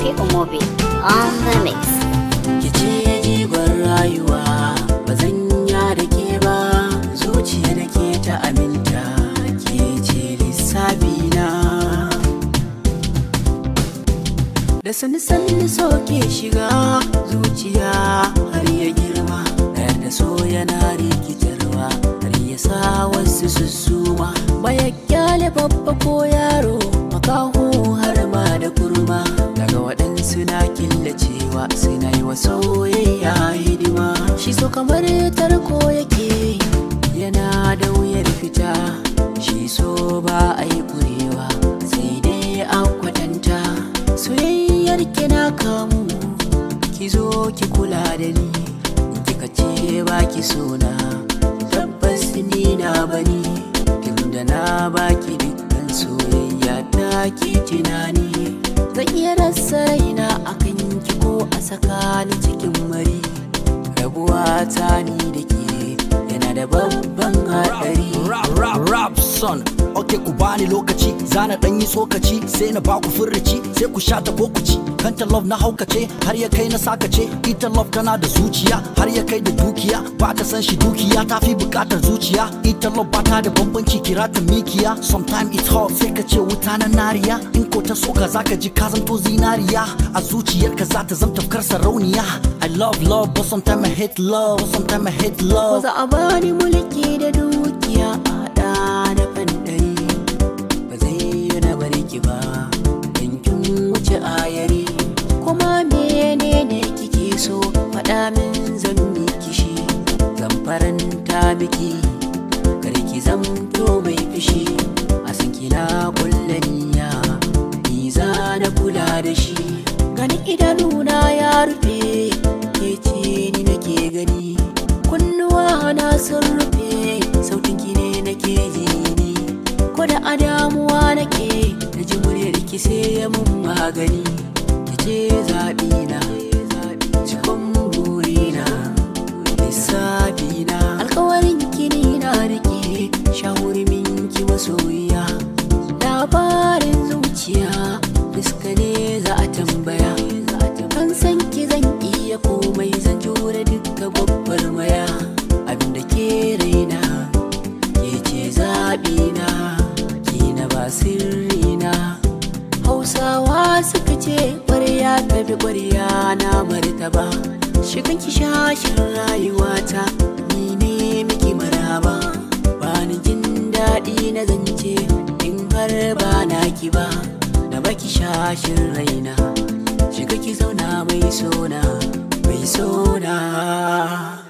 Shafi'u Mobi on the mix. rayuwa ba zan ya da ke ba zuciya da ke ta aminta ke ce lissafi na. Da sani sani so ke shiga zuciya har ya girma da so yana rikitarwa har ya sa wasu su suma ba ya kyale babba ko yaro. soyayya hidima shi so kamar tarko yake yana da fita shi so ba a yi kurewa sai dai a kwatanta soyayyar ki na kamu ki zo ki kula da ni kika ce ba ki sona tabbas ni na bani tunda na baki dukkan soyayya ta ki tunani tsakani da ke yana da babban haɗari rap rap rap son ok ku bani lokaci zana dan yi tsokaci sai na ba ku furrici sai ku sha ta ko ku ci kanta love na haukace har ya kai na sakace ita love tana da zuciya har ya kai da dukiya ba ta san shi dukiya ta fi bukatar zuciya ita love ba ta da bambanci kira ta mikiya sometimes it's hard. sai ka ce wuta na nariya in ko ta soka zaka ji ka zanto zinariya a zuciyarka za ta zama tafkar sarauniya i love love but sometimes i hate love sometimes i hate love za a bani mulki da dukiya miki karki zamto mai fishi a san kina kullaniya ni za na kula da shi gani idanuna ya rufe ke ce ni nake gani kunnuwa na sun rufe sautin ki ne nake ji ni ko da adamuwa nake da ji muryar sai ya mun magani ki ce zabi ce shahurmin ki masoyiya labarin zuciya fuska ne za a tambaya an san ki zan iya komai zan jure duka waya. maya abinda ke raina ke ce zaɓina ki na ba sirrina hausawa suka ce ƙwarya ta bi ƙwarya na martaba shigan ki shashin rayuwata da zance in har ba na ki ba na baki shashin raina shiga ki zauna mai sona mai sona